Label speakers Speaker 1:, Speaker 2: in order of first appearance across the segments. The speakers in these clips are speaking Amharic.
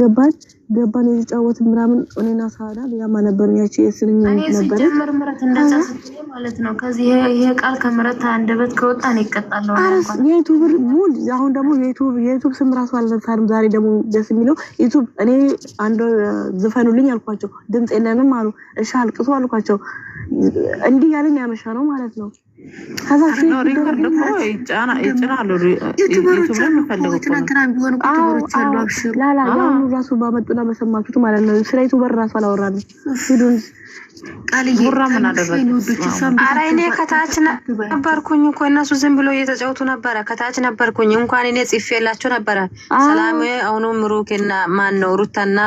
Speaker 1: ገባን ገባን የተጫወት ምናምን እኔና ሳዳ ሌላማ ነበር ያቺ የስንኝ
Speaker 2: ነበረ ምርምረት እንደዛ ስትይ ማለት ነው። ከዚህ ይሄ ቃል ከምረት አንደበት ከወጣ ነው እቀጣለሁ።
Speaker 1: የዩቱብ ሙል አሁን ደግሞ የዩቱብ ስም ራሱ አልነሳንም። ዛሬ ደግሞ ደስ የሚለው ዩቱብ እኔ አንድ ዝፈኑልኝ አልኳቸው። ድምፅ የለንም አሉ። እሺ አልቅሱ አልኳቸው። እንዲህ ያለን ያመሻ ነው ማለት ነው። ላላ ያሁኑ ራሱ ባመጡና በሰማችሁት ማለት ነው። ስለ ዩቱበር ራሱ አላወራንም። ሂዱን
Speaker 3: ኧረ እኔ ከታች ነበርኩኝ እኮ እነሱ ዝም ብሎ እየተጫወቱ ነበረ። ከታች ነበርኩኝ እንኳን እኔ ጽፌላቸው ነበረ። ሰላም አሁኑም ሩክና ማን ነው ሩታና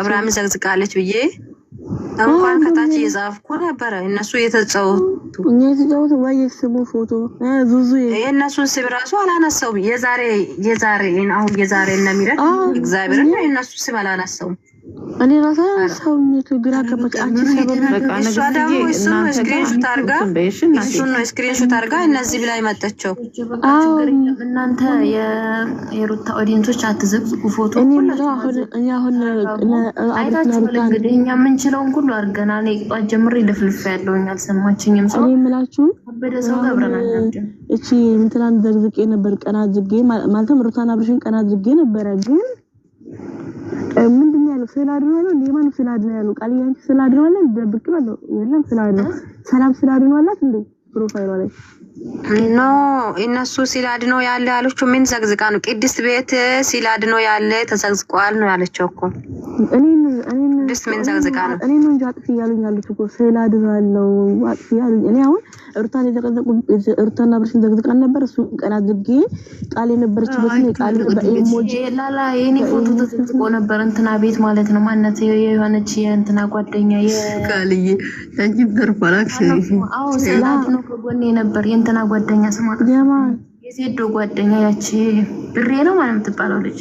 Speaker 3: አብርሃም ዘግዝቃለች ብዬ እንኳን ከታች እየጻፍኩ ነበረ። እነሱ እየተጫወቱ
Speaker 1: እየተጫወቱ ወይ ስሙ ፎቶ ዙዙ
Speaker 3: የእነሱን ስም ራሱ አላነሳውም። የዛሬ የዛሬ አሁን የዛሬ እነ ሚረት የእነሱ ስም አላነሳውም።
Speaker 1: እኔ ራሳ ሰውነቱ ግራ ገባች።
Speaker 3: እሷ ደግሞ እሱን ስክሪንሾት አርጋ እሱን ነው ስክሪንሾት አርጋ እነዚህ ብላ የመጠቸው
Speaker 2: እናንተ የሩታ ኦዲንቶች አትዘግቡ ፎቶ
Speaker 1: አይታችሁ እንግዲህ
Speaker 2: እኛ የምንችለውን ሁሉ አርገናል። ጧት ጀምሬ ደፍልፍ ያለውኝ አልሰማችኝም።
Speaker 1: ሰው ምላችሁ
Speaker 2: በደሰው ገብረናናቸው
Speaker 1: እቺ ምትላን ዘግዝቄ ነበር ቀና ዝጌ ማለትም ሩታና ብርሽን ቀና ዝጌ ነበረ ግን ምንድን ነው ያለው? ስላድኗለን ሌማን ስላድና ያለው ቃል ያንቺ ስላድኗለን ደብቅ ባለው የለም ስላድና ሰላም ስላድኗላት እንዴ ፕሮፋይሏ ላይ
Speaker 3: ኖ እነሱ ሲላድኖ ያለ ያለችው ምን ዘግዝቃ ነው? ቅድስት ቤት ሲላድኖ ያለ ተዘግዝቋል ነው ያለችው እኮ ቅድስት ምን ዘግዝቃ ነው?
Speaker 1: እኔ ነው እንጂ አጥፊ እያሉኝ ያሉት እኮ ያለው አጥፊ ያሉኝ እኔ አሁን እሩታን እሩታና ብርሽን ዘግዝቃን ነበር። እሱ ቀና አድርጌ ቃል የነበረችበት ቃል
Speaker 2: በኢሞጂ ላላ የኔ ፎቶ ተዘግዝቆ ነበር እንትና ቤት ማለት ነው። ማነት የሆነች የእንትና ጓደኛ
Speaker 3: ቃልዬ ያንቺ ተርፋላክ
Speaker 2: አዎ ሰላት ነው ከጎኔ ነበር። የእንትና ጓደኛ ስማ የሴዶ ጓደኛ ያቺ ብሬ ነው ማለት የምትባለው ልጅ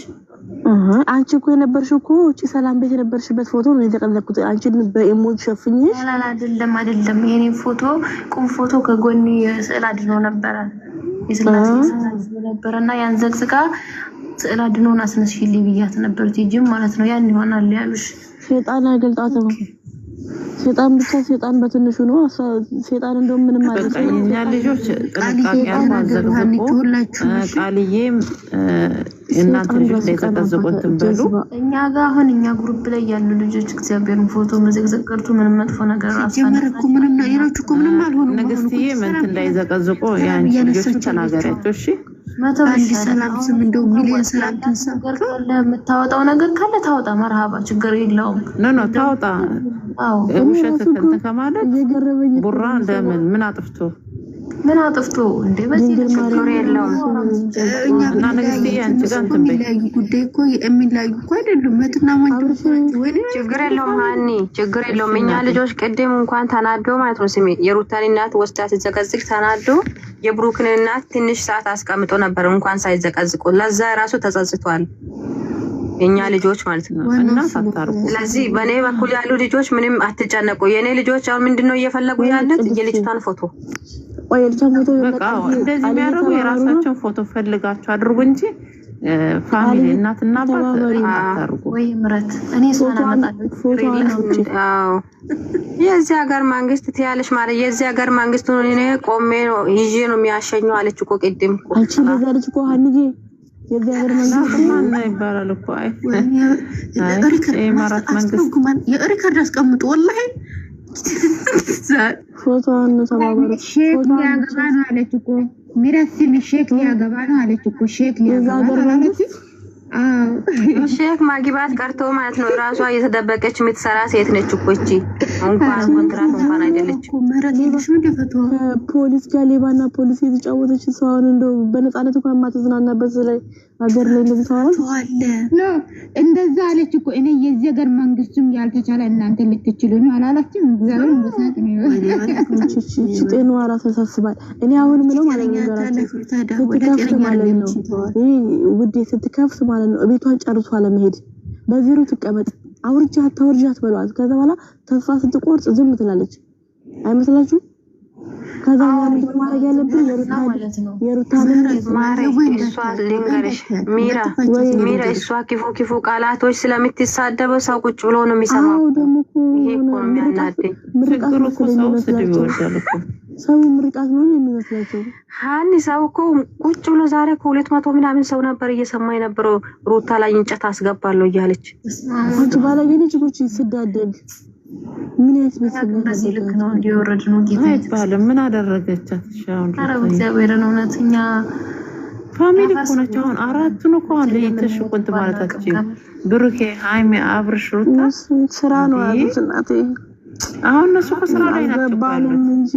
Speaker 1: አንቺ እኮ የነበርሽ እኮ ውጭ ሰላም ቤት የነበርሽበት ፎቶ ነው የተቀለኩት። አንቺን በኤሞ ሸፍኝሽ
Speaker 2: አይደለም፣ አይደለም። የኔ ፎቶ ቁም ፎቶ ከጎን ስዕል አድኖ ነበረ የስላሴ ነበረ እና ያን ዘቅዝቃ ስዕል አድኖን አስነስሽልኝ ብያት ነበር። ቲጂም ማለት ነው ያን ይሆናል ያሉሽ
Speaker 1: ሸጣን አገልጣት ነው ሴጣን ብቻ ሴጣን በትንሹ ነው። ሴጣን እንደው
Speaker 3: ምንም ማለት ነው። እኛ ልጆች ጥንቃቄ አልማዘግዝቁ ቃልዬም እናንተ ልጆች ላይ ተቀዝቆ ትንበሉ
Speaker 2: እኛ ጋ አሁን እኛ ግሩፕ ላይ ያሉ ልጆች እግዚአብሔርን ፎቶ መዘግዘቅ ቀርቶ ምንም መጥፎ ነገር ምንም አልሆኑ።
Speaker 3: ንግስትዬ ምንት እንዳይዘቀዝቆ የአንቺ ልጆች ተናገሪያቸው እሺ
Speaker 2: አንድ ሰላም ስም እንደው ሚሊዮን ሰላም የምታወጣው ነገር ካለ ታወጣ። መርሃባ ችግር የለውም።
Speaker 3: ኖ ታወጣ። ውሸት ከማለት ቡራ እንደምን ምን አጥፍቶ
Speaker 2: ምን አጥፍቶ እንዴ? በዚህ ልክክር የለውም። እኛና ንግስት አንቺ ጋር እንትን በይ ጉዳይ እኮ የሚለያዩ እኮ አይደሉም። መትና ወንዶች
Speaker 3: ችግር የለውም ሀኒ፣ ችግር የለውም። እኛ ልጆች ቅድም እንኳን ተናዶ ማለት ነው ስሜ የሩታን እናት ወስዳ ስትዘቀዝቅ ተናዶ የብሩክን እናት ትንሽ ሰዓት አስቀምጦ ነበር እንኳን ሳይዘቀዝቁ። ለዛ ራሱ ተጸጽቷል። የእኛ ልጆች ማለት ነው። እና ሳታሩ ስለዚህ በእኔ በኩል ያሉ ልጆች ምንም አትጨነቁ። የእኔ ልጆች አሁን ምንድነው እየፈለጉ ያለት የልጅቷን ፎቶ እንደዚህ የሚያደርጉ የራሳቸውን ፎቶ ፈልጋቸው አድርጉ እንጂ ፋሚሊ እናትና የዚህ ሀገር መንግስት ትያለሽ ማለት የዚህ ሀገር መንግስት ቆሜ ይዤ ነው የሚያሸኘው አለች እኮ ቅድም
Speaker 1: የእግዚአብሔር መንግስት
Speaker 3: ይባላል እኮ
Speaker 2: አስቀምጡ። ወላሂ ሼክ ሊያገባ ነው አለች እኮ ሚረሲም ሼክ ሊያገባ ነው አለች እኮ ሼክ
Speaker 1: ሊያገባ ነው አለች
Speaker 3: ሼክ ማግባት ቀርቶ ማለት ነው። ራሷ እየተደበቀች የምትሰራ ሴት ነች እኮ እቺ። እንኳን ኮንትራት እንኳን አይደለችም።
Speaker 1: ፖሊስ ጋር ሌባና ፖሊስ የተጫወተች ሰውን እንደው በነፃነት እንኳን የማትዝናናበት ላይ ሀገር
Speaker 2: ላይ እንደዛ አለች እኮ እኔ የዚህ ሀገር መንግስቱም ያልተቻለ እናንተ ልትችሉ ነው አላላችም። እግዚአብሔር መስናት ጤናዋ ራሱ ያሳስባል። እኔ አሁን ምለው ማለት ነው ማለት ነው ይህ ውዴ ስትከፍት ማለት ነው ቤቷን ጨርሶ አለመሄድ በዜሮ ትቀመጥ አውርጃት ተወርጃት ትበሏት። ከዛ በኋላ ተስፋ ስትቆርጥ ዝም ትላለች። አይመስላችሁም? ከዛ ማድረግ ያለብን ሚራ እሷ ክፉ ክፉ ቃላቶች ስለምትሳደበው ሰው ቁጭ ብሎ ነው የሚሰማው። ሰው ምርቃት ነው የሚመስላቸው። ሀኒ ሰው እኮ ቁጭ ብሎ ዛሬ ከሁለት መቶ ምናምን ሰው ነበር እየሰማ የነበረው ሩታ ላይ እንጨት አስገባለሁ እያለች ባለቤት ቁጭ ስዳደግ ምን ያስመስልም። በዚህ ልክ ነው እንዲወረድ ነው ጌታ አይባልም። ምን አደረገቻት? እግዚአብሔርን እውነተኛ ፋሚሊ እኮ አሁን እኮ ብሩኬ፣ ሀይሚ፣ አብርሽ፣ ሩታ ስራ ነው ያሉት እናቴ። አሁን እነሱ እኮ ስራ ላይ ናቸው ባሉም እንጂ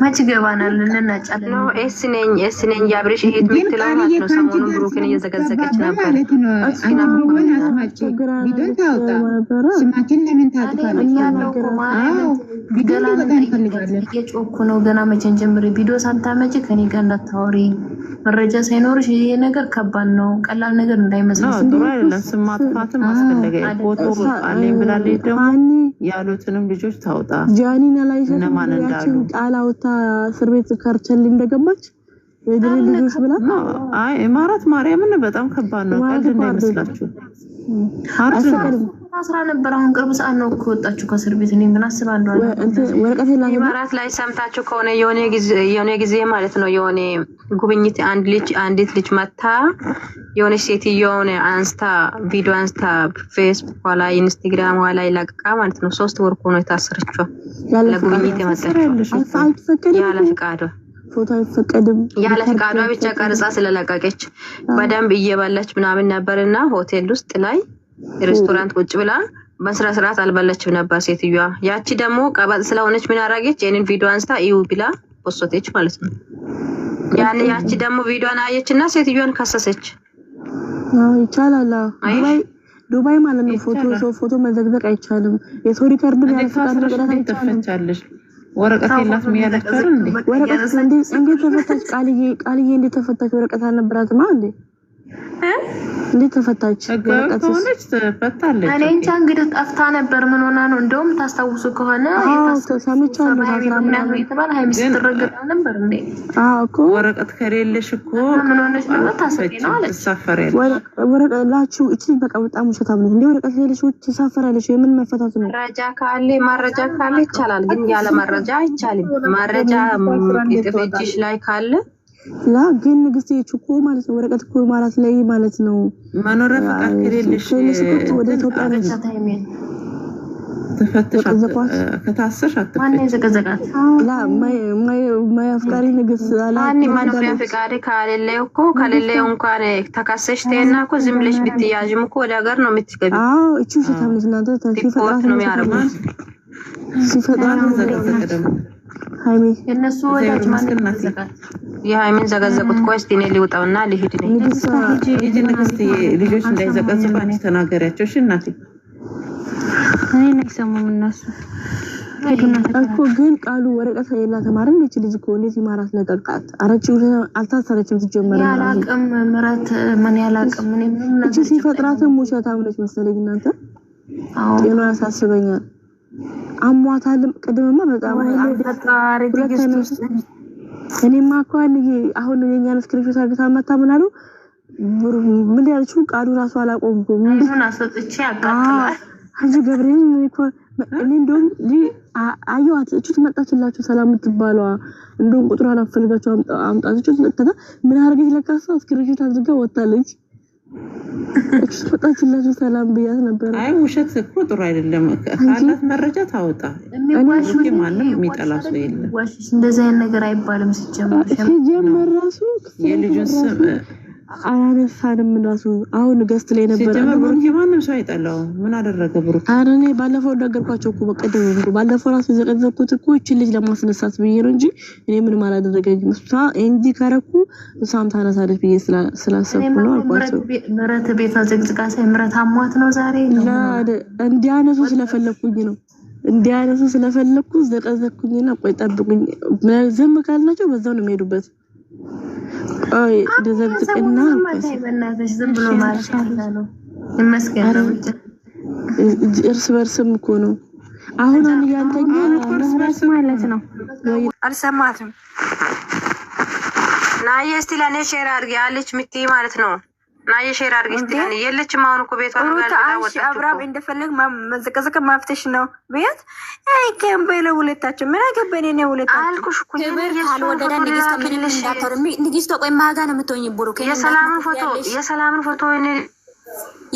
Speaker 2: መች ገባናል? እንናጫለን። ኤስ ነኝ ኤስ ነኝ የአብሬሽ እህት የምትለው ነው። ሰሞኑን ብሩክን እየዘገዘገች ነበር። ስማችን ነው ገና መቼን ጀምሬ ቪዲዮ ሳታመጪ ከኔ ጋር እንዳታወሪ። መረጃ ሳይኖርሽ ይሄ ነገር ከባድ ነው። ቀላል ነገር እንዳይመስልሽ። ያሉትንም ልጆች ታውጣ እነማን ሩታ እስር ቤት ከርቸሌ እንደገባች የድሬ ልጆች ብላ አይ ማርያምን በጣም ከባድ ነው። ቀልድ እንዳይመስላችሁ ስራ ነበር። አሁን ቅርብ ሰዓት ነው እኮ ወጣችሁ ከእስር ቤት። እኔ ምን አስባለሁ ኢማራት ላይ ሰምታችሁ ከሆነ የሆነ ጊዜ ማለት ነው የሆነ ጉብኝት አንድ ልጅ አንዲት ልጅ መታ የሆነ ሴትዮውን አንስታ ቪዲዮ አንስታ ፌስቡክ ላይ ኢንስታግራም ላይ ይለቅቃ ማለት ነው። ሶስት ወር እኮ ነው የታሰረችው ለጉብኝት የመጣችው ያለ ፍቃዷ ፎቶ አይፈቀድም ያለ ፍቃዷ ብቻ ቀርጻ ስለለቀቀች በደንብ እየበላች ምናምን ነበር እና ሆቴል ውስጥ ላይ ሬስቶራንት ቁጭ ብላ በስራ ስርዓት አልበለችም ነበር ሴትዮዋ። ያቺ ደግሞ ቀበጥ ስለሆነች ምን አደረገች? ይህንን ቪዲዮ አንስታ እዩ ብላ ወሶቴች ማለት ነው። ያን ያቺ ደግሞ ቪዲዮን አየች እና ሴትዮዋን ከሰሰች። ይቻላል ዱባይ ማለት ነው። ፎቶ ፎቶ መዘግዘቅ አይቻልም። የሰው ሪከርድ ያልፈቃድ ነገራት አይቻልም። ወረቀት የላትም ያለች ወረቀት እንዴት ተፈታች? ቃልዬ እንዴት ተፈታች? ወረቀት አልነበራትማ እንዴ? እንዴት ተፈታች? ሆነች ተፈታለች። እኔ እንጃ እንግዲህ ጠፍታ ነበር። ምን ሆና ነው? እንደውም ታስታውሱ ከሆነ ወረቀት ከሌለሽ እኮ ወረቀላችሁ እቺ በቃ በጣም ውሸታም ነው። እንዲ ወረቀት ከሌለሽ ትሳፈሪያለሽ። የምን መፈታት ነው? መረጃ ካለ ማረጃ ካለ ይቻላል፣ ግን ያለ መረጃ አይቻልም። መረጃ እጅሽ ላይ ካለ ላ ግን ንግስት ችኮ ማለት ነው ወረቀት እኮ ማለት ላይ ማለት ነው መኖሪያ ፈቃድ ከሌለሽ ወደ ኢትዮጵያ ማያፍቃሪ ንግስት መኖሪያ ከሌለ እኮ ከሌለ እንኳን ተከሰሽ እኮ ዝም ብለሽ ብትያዥም እኮ ወደ ሀገር ነው የምትገቢ። እቺ ውሸታም እናንተ ነው ነው የእነሱ ወዳጅ ማንም የሃይሚን ዘቀዘቁት። ቆይ እስኪ እኔ ሊውጣውና ሊሄድ ነኝ። ንግስት ልጆች ተናገሪያቸው። እሺ እናቴ እኔ አይሰሙም እነሱ እኮ ግን ቃሉ ወረቀት የላትም አይደል? ይች ልጅ እኮ እንዴት ይማራት ለቀቃት። አረች አልታሰረችም። ሲጀመር ያላቅም ምረት ምን ያላቅም ምን ሲፈጥራትም ውሸታም ነች መሰለኝ። እናንተ ጤና ያሳስበኛል አሟታልም። ቅድምማ በጣም እኔማ እኮ አሁን የኛን ስክሪንሾት አድርጋ መታ ምን አሉ ምን ያለችው ቃሉ ራሱ አላቆምኩም። አዚ ገብርኤል እኔ እንደውም አየዋት እችት መጣችላችሁ ሰላም የምትባለዋ እንደውም ቁጥሯን አፈልጋችሁ አምጣት ችት ምን አደረገች ለካሳ ስክሪንሾት አድርጋ ወጣለች። በጣም ሰላም ብያት ነበር። አይ ውሸት እኮ ጥሩ አይደለም። ካላት መረጃ ታወጣ። ማንም የሚጠላ ሰው የለም። እንደዚህ አይነት ነገር አይባልም። ሲጀመር ሲጀመር ራሱ የልጁን ስም አላነሳንም ራሱ አሁን ገስት ላይ ነበር። ማንም ሰው አይጠላው ምን አደረገ ብሩክ? ኧረ እኔ ባለፈው ነገርኳቸው እኮ በቀደም ብሩ ባለፈው ራሱ የዘቀዘኩት እኮ ይችን ልጅ ለማስነሳት ብዬ ነው እንጂ እኔ ምንም አላደረገኝ። እሷ እንጂ ከረኩ እሷም ታነሳለች ብዬ ስላሰብኩ ነው አልኳቸው። ምረት ቤቷ ዘቅዝቃ ሳይ ምረት አሟት ነው ዛሬ እንዲያነሱ ስለፈለግኩኝ ነው እንዲያነሱ ስለፈለግኩ ዘቀዘኩኝና ቆይ ጠብቁኝ። ዝም ካልናቸው በዛው ነው የሚሄዱበት ዘቅዝቅና እርስ በርስም እኮ ነው። አሁን አንያንተኛ ማለት ነው። አልሰማትም። ናዬ እስቲ ለእኔ ሼር አድርጊ አለች ምቲ ማለት ነው። ናዬ ሼር አድርጊ እስቲ ለእኔ የለችም። አሁን እኮ ቤቷ አብራም እንደፈለግ መዘቀዘቅ ማፍተሽ ነው ቤት ከም በለ ሁለታቸው ምን አገበን ኔ ሁለታቸው አልኩሽ እኮ ካልወደደ ንግስቶ ምንም እንዳትሆን ንግስቶ ቆይ ማጋ ነው የምትሆኝ ብሩክ የሰላምን ፎቶ የሰላምን ፎቶ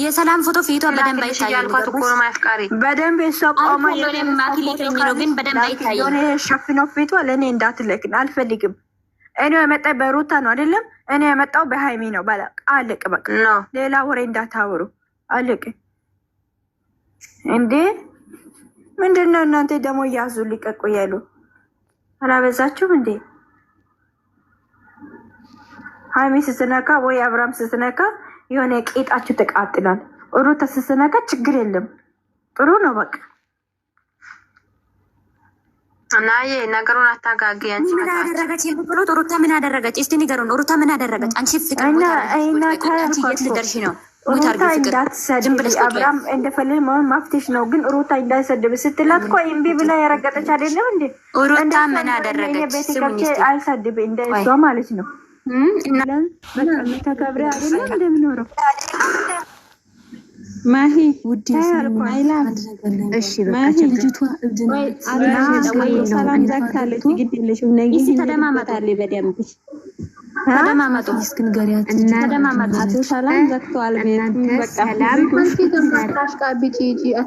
Speaker 2: የሰላም ፎቶ ፊቷ በደንብ አይታየም በደንብ እሷ ቆማ የሚለው ግን በደንብ አይታየም ሸፍኖ ፊቷ ለእኔ እንዳትለቅን አልፈልግም እኔ የመጣ በሩታ ነው አይደለም እኔ የመጣው በሃይሚ ነው ባላ አለቅ በቃ ሌላ ወሬ እንዳታወሩ አለቅ እንዴ ምንድን ነው እናንተ ደግሞ እያዙ ሊቀቁ ያሉ አላበዛችሁም እንዴ? ሀይሚ ስትነካ ወይ አብርሃም ስትነካ የሆነ ቄጣችሁ ተቃጥላል። ሩታ ስትነካ ችግር የለም ጥሩ ነው በቃ። ናዬ ነገሩን አታጋጊ። አንቺ ምን አደረገች የምትሉት ሩታ ምን አደረገች? እስቲ ንገሩን። ሩታ ምን አደረገች? አንቺ ፍቅር ቦታ የት ልደርሽ ነው? እንዳትሰድብ አብራም እንደፈለግ መሆን ማፍቴሽ ነው። ግን ሩታ እንዳትሰድብ ስትላት እኮ እምቢ ብላ የረገጠች አይደለም እንዴ? ሩታ ምን አደረገች? ቤት ገብቼ አልሰድብ እንደ እሷ ማለት ነው። ተከብሬ አይደለም እንደምኖረው ማሂ ውድ ልጅቷ እብድ ነው። ሰላም ዛግታለች። ግድ የለሽም። ነገ ይመጣል በደምብ ተደማመጡ እስኪ ንገሪያት። ተደማመጡ ሰላም ዘግተዋል። ተደማመጡ እስኪ ሞይታ አድርጎ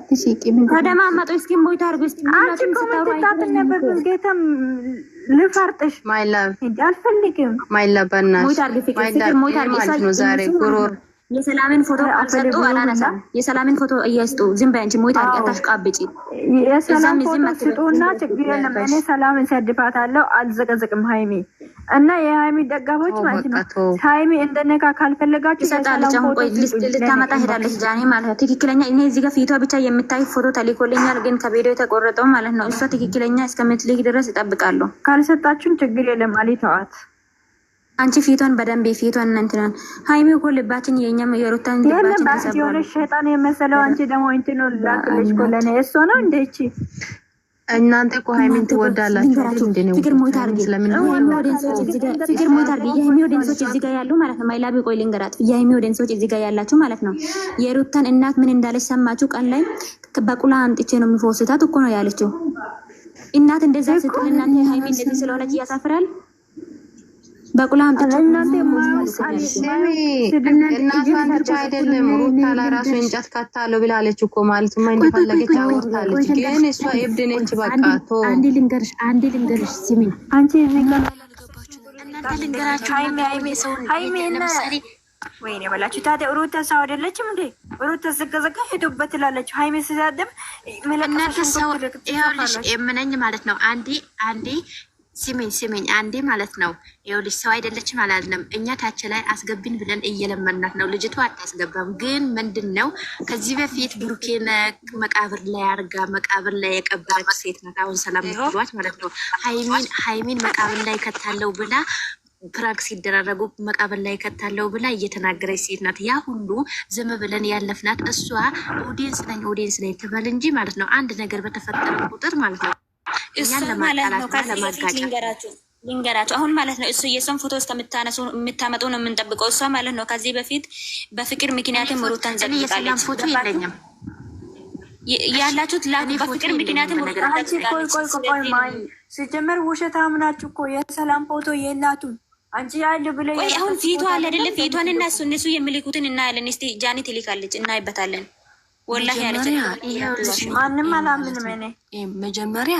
Speaker 2: እስኪ ጌታም ልፈርጥሽ ማይላብ አልፈልግም። ማይላብ ዛሬ ጉሮር የሰላምን ፎቶ አልሰጡ አላነሳ የሰላምን ፎቶ እያስጡ ዝም በይ አንቺ ሞት አርጋታሽ ቃብጪ የሰላም ፎቶ ስጡና ችግር የለም። እኔ ሰላምን ሰድፋታለሁ። አልዘቀዘቅም ሀይሚ እና የሀይሚ ደጋፎች ማለት ነው። ሀይሚ እንደነካ ካልፈለጋችሁ ይሰጣል። አሁን ቆይ ልታመጣ ሄዳለች ጃኔ ማለት ነው። ትክክለኛ እኔ እዚህ ጋር ፊቷ ብቻ የምታይ ፎቶ ተሊኮልኛል፣ ግን ከቪዲዮ የተቆረጠው ማለት ነው። እሷ ትክክለኛ እስከምትልክ ድረስ ይጠብቃሉ። ካልሰጣችሁን ችግር የለም አሊ ተዋት። አንቺ ፊቷን በደንብ ፊቷን እንትናን ሀይሚ እኮ ልባችን የኛም የሩታን ልባችን ሆነ ሸጣን የመሰለው አንቺ ደግሞ እንትኖ ላክልሽ ኮለነ እሷ ነው እንደቺ እናንተ እኮ ሃይሚን ትወዳላችሁ ፍቅር ሞት አድርጌ የሃይሚ ወደንሶች እዚህ ያሉ ማለት ነው። ማይላቢ ቆይ ልንገራት። የሃይሚ ወደንሶች እዚህ ጋር ያላችሁ ማለት ነው። የሩታን እናት ምን እንዳለች ሰማችሁ? ቀን ላይ በቁላ አምጥቼ ነው የሚፈወስታት እኮ ነው ያለችው እናት። እንደዛ ስትል እናንተ ሃይሚ እንደዚህ ስለሆነች እያሳፍራል በቁላ እናቷን አይደለም ሩታ ላይ ራሱ እንጨት ካታለው ብላለች እኮ ማለት ማ እንደፈለገች አወርታለች። ግን እሷ እብድ ነች። በቃ አንድ ልንገርሽ፣ አንድ ልንገርሽ፣ ስሚኝ አንቺ ወይኔ በላችሁ ታዲያ ሩታ ሰው አይደለችም እንዴ? ሩታ ዘጋዘጋ ሄዶበት ትላለች። ሀይሜ ስዳደም ምለናተሰው የምነኝ ማለት ነው አንዴ አንዴ ስሚኝ ስሚኝ አንዴ ማለት ነው። ይኸው ልጅ ሰው አይደለችም አላልንም። እኛ ታች ላይ አስገቢን ብለን እየለመናት ነው። ልጅቷ አታስገባም። ግን ምንድን ነው ከዚህ በፊት ብሩኬን መቃብር ላይ አርጋ መቃብር ላይ የቀበረች ሴት ናት። አሁን ሰላም ትሏት ማለት ነው። ሀይሚን ሀይሚን መቃብር ላይ ከታለው ብላ ፕራግ ሲደራረጉ መቃብር ላይ ከታለው ብላ እየተናገረች ሴት ናት። ያ ሁሉ ዝም ብለን ያለፍናት እሷ ኦዲየንስ ነኝ ኦዲየንስ ነኝ ትበል እንጂ ማለት ነው አንድ ነገር በተፈጠረ ቁጥር ማለት ነው እሱ ማለት ነው። ከዚህ ልንገራችሁ ልንገራቸው አሁን ማለት ነው እሱ የእሷን ፎቶ እስከምታነሱ የምታመጡ ነው የምንጠብቀው። እሷ ማለት ነው ከዚህ በፊት በፍቅር ምክንያትም ሩታን ዘግይታለች። ያላችሁት በፍቅር ምክንያትም ሩታን ሲጀመር ውሸታም ናችሁ እኮ የሰላም ፎቶ የላቱም። አንቺ ያለ ብለ ቆይ አሁን ፊቱ አለ አይደለ? ፊቷን እና እሱ እነሱ የሚልኩትን እናያለን። ስ ጃኒ ትልካለች፣ እናይበታለን። ወላ ያለች ማንም አላምንም እኔ መጀመሪያ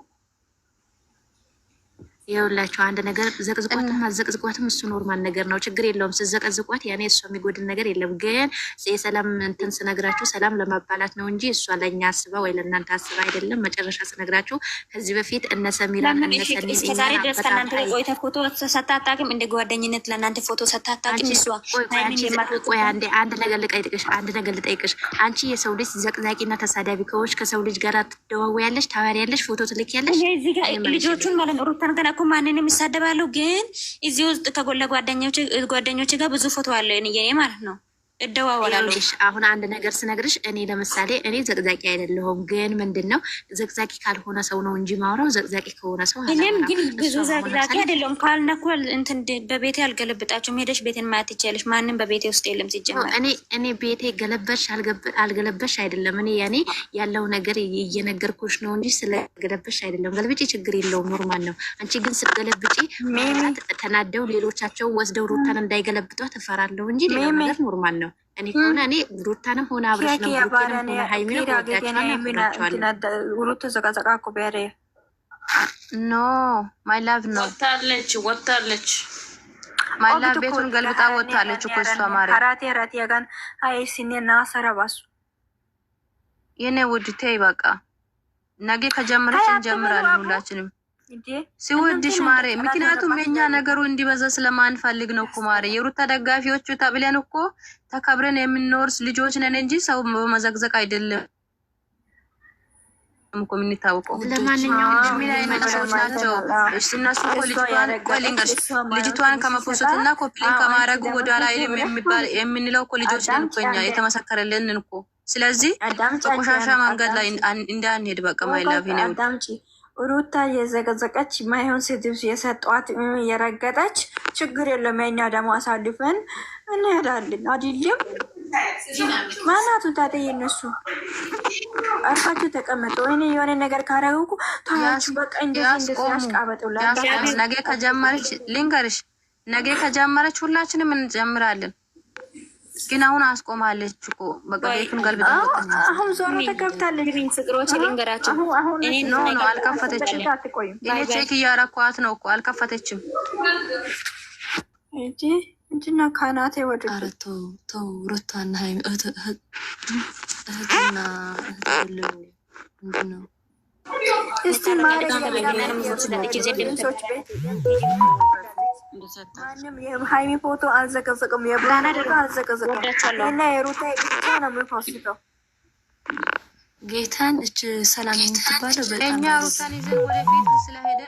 Speaker 2: ይኸውላቸው አንድ ነገር ዘቅዝቋትም አዘቅዝቋትም እሱ ኖርማል ነገር ነው፣ ችግር የለውም። ስዘቀዝቋት ያኔ እሷ የሚጎድን ነገር የለም። ግን የሰላም እንትን ስነግራችሁ ሰላም ለማባላት ነው እንጂ እሷ ለእኛ አስባ ወይ ለእናንተ አስባ አይደለም። መጨረሻ ስነግራችሁ ከዚህ በፊት እነ ሰሚራን እነ ድረስ ከእናንተ ቆይተ ፎቶ ሰታጣቅም እንደ ጓደኝነት ለእናንተ ፎቶ ሰታጣቅም እሷ አንድ ነገር ልጠይቅሽ፣ አንድ ነገር ልጠይቅሽ። አንቺ የሰው ልጅ ዘቅዛቂና ተሳዳቢ ከሆንሽ ከሰው ልጅ ጋር ትደዋወያለሽ፣ ታወሪያለሽ፣ ፎቶ ትልኪያለሽ ልጆቹን ማለት ነው ሩታን ገና እኮ ማንንም ይሳደባሉ። ግን እዚህ ውስጥ ከጎለ ጓደኞች ጋር ብዙ ፎቶ አለ ማለት ነው። እደዋወላለሁ። አሁን አንድ ነገር ስነግርሽ እኔ ለምሳሌ እኔ ዘቅዛቂ አይደለሁም፣ ግን ምንድን ነው ዘቅዛቂ ካልሆነ ሰው ነው እንጂ ማውራው ዘቅዛቂ ከሆነ ሰው እኔም ግን ብዙ ዘቅዛቂ አይደለሁም ካልነኩል እንትን በቤቴ አልገለብጣችሁም። ሄደሽ ቤቴን ማየት ይቻለሽ። ማንም በቤቴ ውስጥ የለም ሲጀመር። እኔ እኔ ቤቴ ገለበሽ አልገለበሽ አይደለም። እኔ ያኔ ያለው ነገር እየነገርኩሽ ነው እንጂ ስለገለበሽ አይደለም። ገለብጪ፣ ችግር የለውም ኖርማል ነው። አንቺ ግን ስትገለብጪ ተናደው ሌሎቻቸው ወስደው ሩታን እንዳይገለብጧት እፈራለሁ እንጂ ሌላ ነገር ኖርማል ነው። አይደለም። እኔ ከሆነ እኔ ሩታንም ሆነ አብረሽ ነው ሆነ ኖ ማይ ላቭ ነው ወታለች ወታለች ማይ ላቭ ቤቱን ገልብጣ ወታለች እኮ እሷ ያጋን አይ ሲኔ ሰረባሱ የኔ ውድ ተይ በቃ ነገ ከጀመረች እንጀምራለን ሁላችንም ሲወድሽ ማሬ፣ ምክንያቱም የኛ ነገሩ እንዲበዛ ስለማንፈልግ ነው እኮ ማሬ። የሩታ ደጋፊዎቹ ተብለን እኮ ተከብረን የምንኖርስ ልጆች ነን እንጂ ሰው በመዘግዘቅ አይደለም እኮ የምንታወቀው። ለማንኛውም ልጅቷን እና ኮፕሊን ወደኋላ የምንለው እኮ ልጆች ነን እኮ እኛ፣ የተመሰከረልን እኮ። ስለዚህ በቆሻሻ መንገድ ላይ እንዳንሄድ በቃ ነው። ሩታ እየዘቀዘቀች ማይሆን ስድብ የሰጧት እየረገጠች፣ ችግር የለም የኛ ደግሞ አሳልፈን እንሄዳለን። አዲልም ማናቱ ታጠ እነሱ አርፋችሁ ተቀመጡ። ወይኔ የሆነ ነገር ካረጉኩ ታያች በቃ እንደ እንደዚህ ነገ ከጀመረች ልንገርሽ፣ ነገ ከጀመረች ሁላችንም እንጀምራለን። ግን አሁን አስቆማለች እኮ በቃ ቤቱን ገልብጣ ዞሮ ተከፍታለች። አልከፈተችም። እኔ ቼክ እያረኳት ነው እኮ አልከፈተችም። እንትና ካናቴ ወደ አረቶ ተው ሩታና ሀይሚ እህትና ምንድነው እስቲ ማረ ማንም የሀይሚ ፎቶ አልዘቀዘቅም፣ የብሩክ አልዘቀዘቅም እና የሩታ ብቻ ነው የምንፈስተው። ጌታን እች ሰላም የምትባለው በጣም ይዘን ወደፊት ስለሄደ